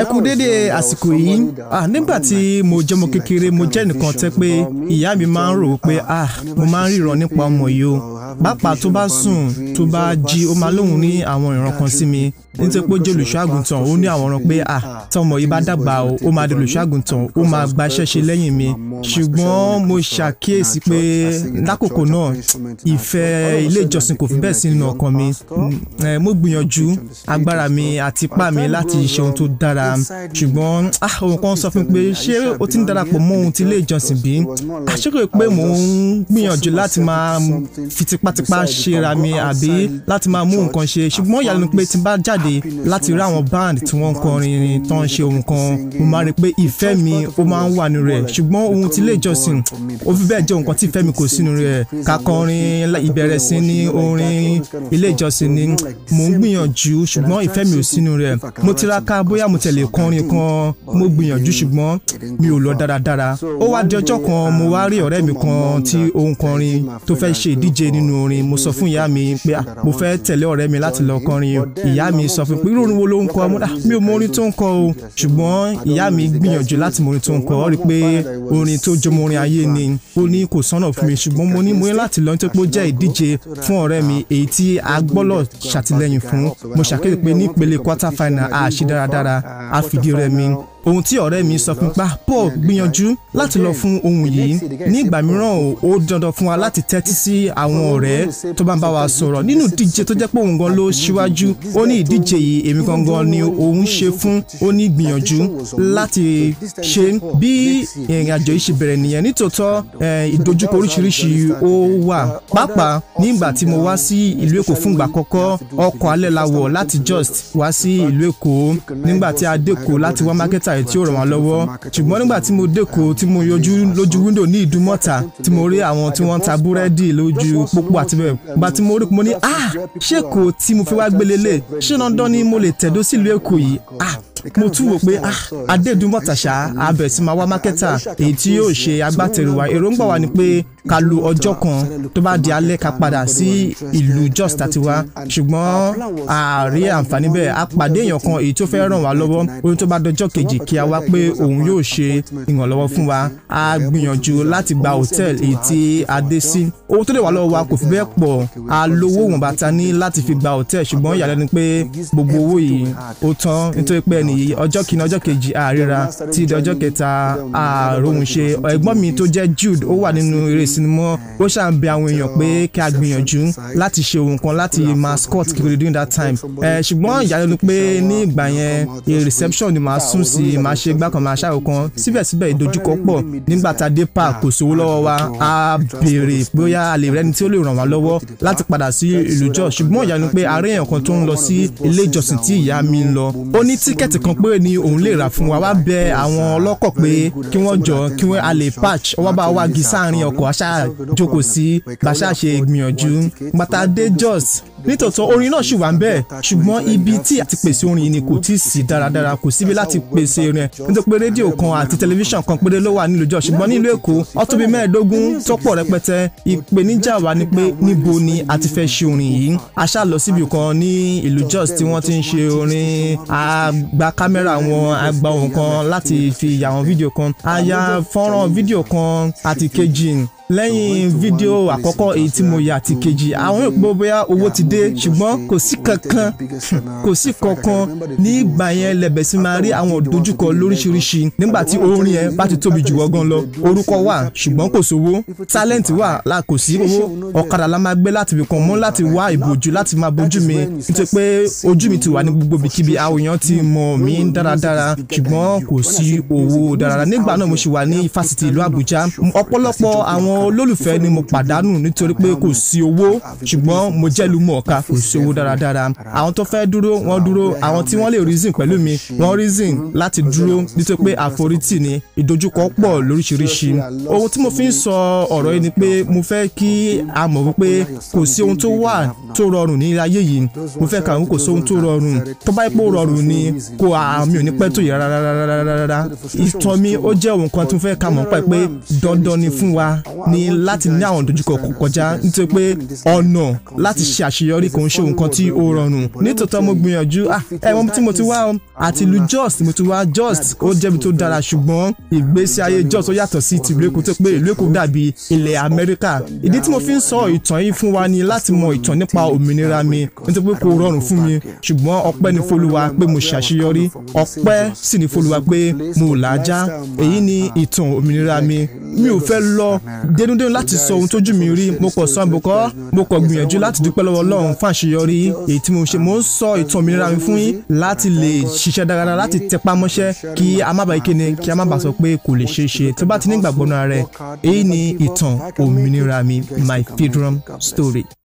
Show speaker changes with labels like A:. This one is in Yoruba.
A: ẹ kú dédé àsìkò yìí nígbà tí mo jẹ́ ọmọ kékeré mo jẹ́ nìkan tẹ́ pé ìyá mi máa ń rò pé ah, mo máa ń ríran nípa ọmọ yìí o pàápàá tó bá sùn tó bá jí ó máa lóhùn ní àwọn ìran kan sí mi nítorí pé ó jẹ́ olùṣọ́ ó ní àwọn ọ̀ràn pé à tọmọ yìí bá dàgbà o ó máa di olùṣọ́ ó máa gba iṣẹ́ lẹ́yìn mi ṣùgbọ́n mo ṣàkíyèsí pé lákòókò náà ìfẹ́ ilé ìjọsìn kò fi bẹ́ẹ̀ sí nínú ọkàn mi mo gbìyànjú agbára mi àti ipá mi láti ṣe ohun tó dára ṣùgbọ́n ohun kan sọ fún mi pé ṣé o ti ń darapọ̀ mọ́ ohun ti ilé ìjọsìn bí tipátipá ṣera mi àbí láti máa mú nǹkan ṣe ṣùgbọ́n ìyàlẹ́nu pé tí n bá jáde láti rí àwọn band tí wọ́n ń kọrin tó ń ṣe ohun kan mo máa rí i pé ìfẹ́ mi ó máa ń wà nínú rẹ̀ ṣùgbọ́n ohun tí ilé ìjọsìn ó fi bẹ́ẹ̀ jẹ́ nǹkan tí ìfẹ́ mi kò sínú rẹ̀ kakọrin ìbẹ̀rẹ̀ sí ní orin ilé ìjọsìn ni mò ń gbìyànjú ṣùgbọ́n ìfẹ́ mi ò sínú rẹ̀ mo tiraka bóyá mo tẹ̀lé kọrin kan mo gbìyànjú ṣùgbọ́n mi ò lọ dáradára ó wá di ọjọ́ kan mo wá rí nínú orin mo sọ fún ìyá mi pé ah, mo fẹ́ tẹ̀lé ọ̀rẹ́ mi láti lọ kọrin o ìyá mi sọ fún mi pé irú wo ló ń kọ ah, mi ò mọ orin tó ń kọ o ṣùgbọ́n ìyá mi gbìyànjú láti mọ orin tó ń kọ ọ rí i pé orin tó jọmọ orin ayé ni ó ní kò sọ́nà fún mi ṣùgbọ́n mo ní mo ní láti lọ nítorí pé ó jẹ́ ìdíje fún ọ̀rẹ́ mi èyí tí a gbọ́lọ̀ fún mo ṣàkéde pé ní ìpele quarter final a ṣe dáradára a ohun tí ọ̀rẹ́ mi sọ fún pa Paul gbìyànjú láti lọ fún ohun yìí ní ìgbà oh, mìíràn oh, ó dandan fún wa láti tẹ́tí sí àwọn ọ̀rẹ́ tó bá ń bá wa sọ̀rọ̀ nínú ìdíje tó jẹ́ pé òun gan ló ṣíwájú ó ní ìdíje yìí èmi gangan ni òun ṣe fún ó ní gbìyànjú láti ṣe bí ìrìn àjò yìí ṣe bẹ̀rẹ̀ nìyẹn nítòótọ́ ìdojúkọ oríṣiríṣi ó uh, wà pàápàá nígbà tí mo wá sí ìlú Èkó fúngbà kọ́kọ́ ọkọ̀ alẹ́ la wọ̀ láti Jos wá sí ìlú Èkó nígbà tí a dé Èkó láti wá mákẹ́tà bàtà tí ó ràn wọ́n lọ́wọ́ ṣùgbọ́n nígbà tí mo dẹ́kọ̀ tí mo yọjú lójú wíńdò ní ìdúmọ̀ta tí mo rí àwọn tí wọ́n ń ta búrẹ́dì lójú pópó àti bẹ́ẹ̀ gba tí mo rí mo ní ah ṣé kò tí mo fi wá gbélé lé ṣé dandan ni mo lè tẹ̀dó sílùú èkó yìí ah mo tún wò pé ah, adédùnmọ̀tàṣà abẹ̀ sí máa wá mákẹ́tà èyí tí yóò ṣe agbátẹrù wa èròǹgbà wa ni pé ká lu ọjọ́ kan tó bá di alẹ́ ká padà sí ìlú Jos tàtiwa ṣùgbọ́n ààrí àǹfààní bẹ́ẹ̀ a pàdé èèyàn kan èyí tó fẹ́ ràn wá lọ́wọ́ ohun tó bá dọjọ́ kejì kí a wá pé òun yóò ṣe ìrànlọ́wọ́ fún wa a gbìyànjú láti gba hòtẹ́ẹ̀lì èyí tí a dé sí owó tó lè wà lọ́wọ́ wa kò fi bẹ́ẹ̀ pọ̀ a lówó wọ̀nba ta ní láti fi gba hòtẹ́ẹ̀lì ṣùgbọ́n ìyàlẹ́nu pé gbogbo owó yìí ó tán nítorí ọjọ́ kìíní ọjọ́ kejì àríra tí di ọjọ́ kẹta àròhùn ṣe ẹ̀gbọ́n mi tó jẹ́ Jude ó wà nínú eré sinimá ó ṣáà ń bẹ àwọn èèyàn pé kí a gbìyànjú láti ṣe ohun kan láti mascot kiri during that time ṣùgbọ́n ìyàlẹ́nu pé ní ìgbà yẹn reception ni màá sùn sí màá ṣe gbákan màá ṣàrò kan síbẹ̀síbẹ̀ ìdojúkọ pọ̀ nígbà tá a dé park kò sówó lọ́wọ́ wa a béèrè bóyá a lè rẹ́ni tí ó lè ràn wá lọ́wọ́ láti padà sí ìlú jọ ṣùgbọ́n ìyàlẹ́nu pé àárẹ̀ èèyàn kan tó ń lọ sí ilé ìjọsìn tí ìyá mi ń lọ ó ní tíkẹ́ẹ̀tì kan péré ni òun lè rà fún wa wá bẹ àwọn ọlọ́kọ̀ pé kí wọ́n jọ kí wọ́n a lè patch ọwọ́ bá wa gi sáàrin ọkọ̀ àṣà jókòó sí bàṣà ṣe ìgbìyànjú bàtà dé Jos nítòótọ́ orin náà ṣì wà ń bẹ́ẹ̀ ṣùgbọ́n ibi tí àti pèsè orin ni kò tí ì sí dáradára kò síbi láti pèsè rẹ̀ nítorí pé rédíò kan àti tẹlifíṣàn kan péré ló wà nílùú Jos ṣùgbọ́n nílùú Èkó ọtún bíi mẹ́ẹ̀ẹ́dógún tó rẹpẹtẹ ìpèníjà wa ni pé níbo ni a ti fẹ́ ṣe orin yìí a ṣáà lọ síbi kan ní ìlú Jos tí wọ́n ti ń ṣe orin àgbà kámẹ́rà wọn a gba ohun kan láti fi ya àwọn fídíò kan a ya fọ́nrán fídíò kan àti kejì lẹ́yìn fídíò àkọ́kọ́ èyí tí mo yà àti kejì àwọn èèpo bóyá owó ti dé ṣùgbọ́n kò sí kankan kò sí kankan ní ìgbà yẹn lẹ̀bẹ̀ sí máa rí àwọn dojúkọ lóríṣiríṣi nígbà tí orin yẹn bá ti tóbi jù wọ́n lọ orúkọ wà ṣùgbọ́n kò sówó talent wà la kò sí owó ọ̀kadà la máa gbé láti fi kàn mọ́ láti wá ìbòjú láti máa bójú mi nítorí pé ojú mi ti wà ní gbogbo ibikíbi àwọn èèyàn ti mọ̀ mí dáradára ṣùgbọ́n kò sí owó dáradára nígbà náà mo ṣì wà ní fásitì ìlú Àbújá ọ̀pọ̀lọpọ̀ àwọn olólùfẹ́ ni mo pàdánù nítorí pé kò sí owó ṣùgbọ́n mo jẹ́lu mọ̀ọ́ká kò sí owó dáradára àwọn tó fẹ́ dúró wọ́n dúró àwọn tí wọ́n lè reason pẹ̀lú mi wọ́n reason láti dúró nítorí pé àforítì ni ìdojúkọ pọ̀ lóríṣiríṣi ohun tí mo fi ń sọ ọ̀rọ̀ yìí ni pé mo fẹ́ kí a mọ̀ wípé kò sí ohun tó wà tó rọrùn ní ayé yìí mo fẹ́ kàwọn kò sí ohun tó rọrùn tó bá pò rọrùn ni kò àmì ò ní pẹ́ tó yẹ rárá rárá rárá ìtàn mi ó jẹ́ ohun kan tó fẹ́ kà mọ̀ pé dandan ni fún wa ni láti ní àwọn ìdojúkọ kọjá nítorí pé ọ̀nà láti ṣe àṣeyọrí kò ń ṣe nǹkan tí ó rọrùn nítòótọ́ mo gbìyànjú ah, ẹ wọn tí mo ti wá àti ìlú Jos mo ti wá Jos ó jẹ́bi tó dára ṣùgbọ́n ìgbésí ayé Jos ó yàtọ̀ sí ti ìlú Èkó tó pé ìlú Èkó dàbí ilẹ̀ Amẹ́ríkà ìdí tí mo fi ń sọ ìtàn yìí fún wa ni láti mọ ìtàn nípa òmìnira mi nítorí pé kò rọrùn fún mi ṣùgbọ́n ọpẹ́ ni f'Olúwa pé mo ṣàṣeyọrí ọpẹ́ sì ni f'Olúwa pé mo làájá èyí ni ìtàn òmìnira mi mi ò fẹ́ lọ dénúdénú láti sọ ohun tójú mi rí mo kàn san àbùkọ́ mo kàn gbìyànjú láti dúpẹ́ lọ́wọ́ ọlọ́run fún àṣeyọrí èyí tí mo ṣe mo ń sọ ìtàn òmìnira mi fún yín láti lè ṣiṣẹ́ dáradára láti tẹpá mọ́ṣẹ́ kí a má bàa kéne kí a má bàa sọ pé kò lè ṣeé ṣe tó bá ti ní ìgbàgbọ́ náà èyí ni ìtàn òmìnira mi my freedom story.